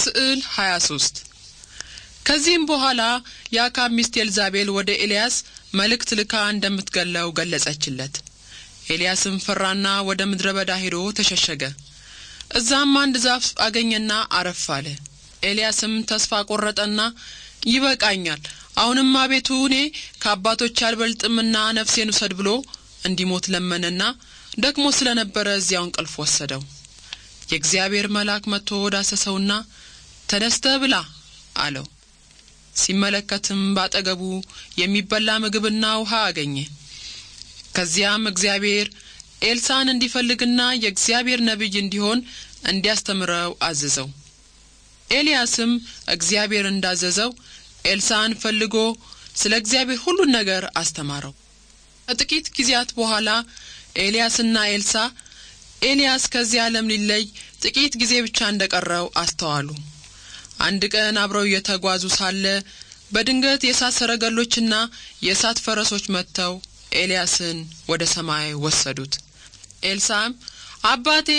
ስዕል 23 ከዚህም በኋላ የአካብ ሚስት ኤልዛቤል ወደ ኤልያስ መልእክት ልካ እንደምትገለው ገለጸችለት። ኤልያስም ፈራና ወደ ምድረ በዳ ሄዶ ተሸሸገ። እዛም አንድ ዛፍ አገኘና አረፍ አለ። ኤልያስም ተስፋ ቆረጠና ይበቃኛል፣ አሁንም አቤቱ እኔ ከአባቶች አልበልጥምና ነፍሴን ውሰድ ብሎ እንዲሞት ለመነና ደክሞ ስለነበረ እዚያው እንቅልፍ ወሰደው። የእግዚአብሔር መልአክ መጥቶ ወዳሰሰውና ተነስተ ብላ አለው። ሲመለከትም ባጠገቡ የሚበላ ምግብና ውሃ አገኘ። ከዚያም እግዚአብሔር ኤልሳን እንዲፈልግና የእግዚአብሔር ነቢይ እንዲሆን እንዲያስተምረው አዘዘው። ኤልያስም እግዚአብሔር እንዳዘዘው ኤልሳን ፈልጎ ስለ እግዚአብሔር ሁሉን ነገር አስተማረው። ከጥቂት ጊዜያት በኋላ ኤልያስና ኤልሳ ኤልያስ ከዚህ ዓለም ሊለይ ጥቂት ጊዜ ብቻ እንደቀረው አስተዋሉ። አንድ ቀን አብረው እየተጓዙ ሳለ በድንገት የእሳት ሰረገሎችና የእሳት ፈረሶች መጥተው ኤልያስን ወደ ሰማይ ወሰዱት። ኤልሳም አባቴ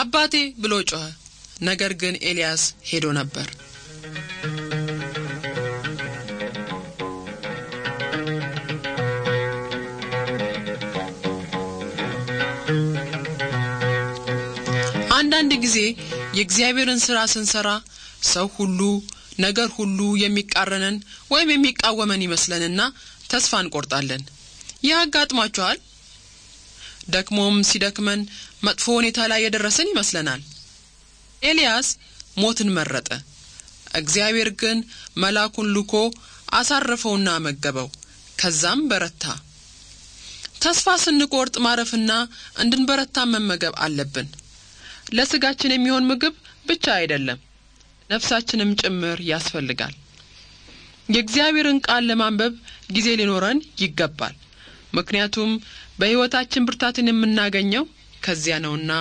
አባቴ ብሎ ጮኸ። ነገር ግን ኤልያስ ሄዶ ነበር። አንዳንድ ጊዜ የእግዚአብሔርን ሥራ ስንሠራ ሰው ሁሉ ነገር ሁሉ የሚቃረነን ወይም የሚቃወመን ይመስለንና ተስፋ እንቆርጣለን ይህ አጋጥሟችኋል ደክሞም ሲደክመን መጥፎ ሁኔታ ላይ የደረሰን ይመስለናል ኤልያስ ሞትን መረጠ እግዚአብሔር ግን መልአኩን ልኮ አሳረፈውና መገበው ከዛም በረታ ተስፋ ስንቆርጥ ማረፍና እንድንበረታ መመገብ አለብን ለስጋችን የሚሆን ምግብ ብቻ አይደለም ነፍሳችንም ጭምር ያስፈልጋል። የእግዚአብሔርን ቃል ለማንበብ ጊዜ ሊኖረን ይገባል። ምክንያቱም በሕይወታችን ብርታትን የምናገኘው ከዚያ ነውና።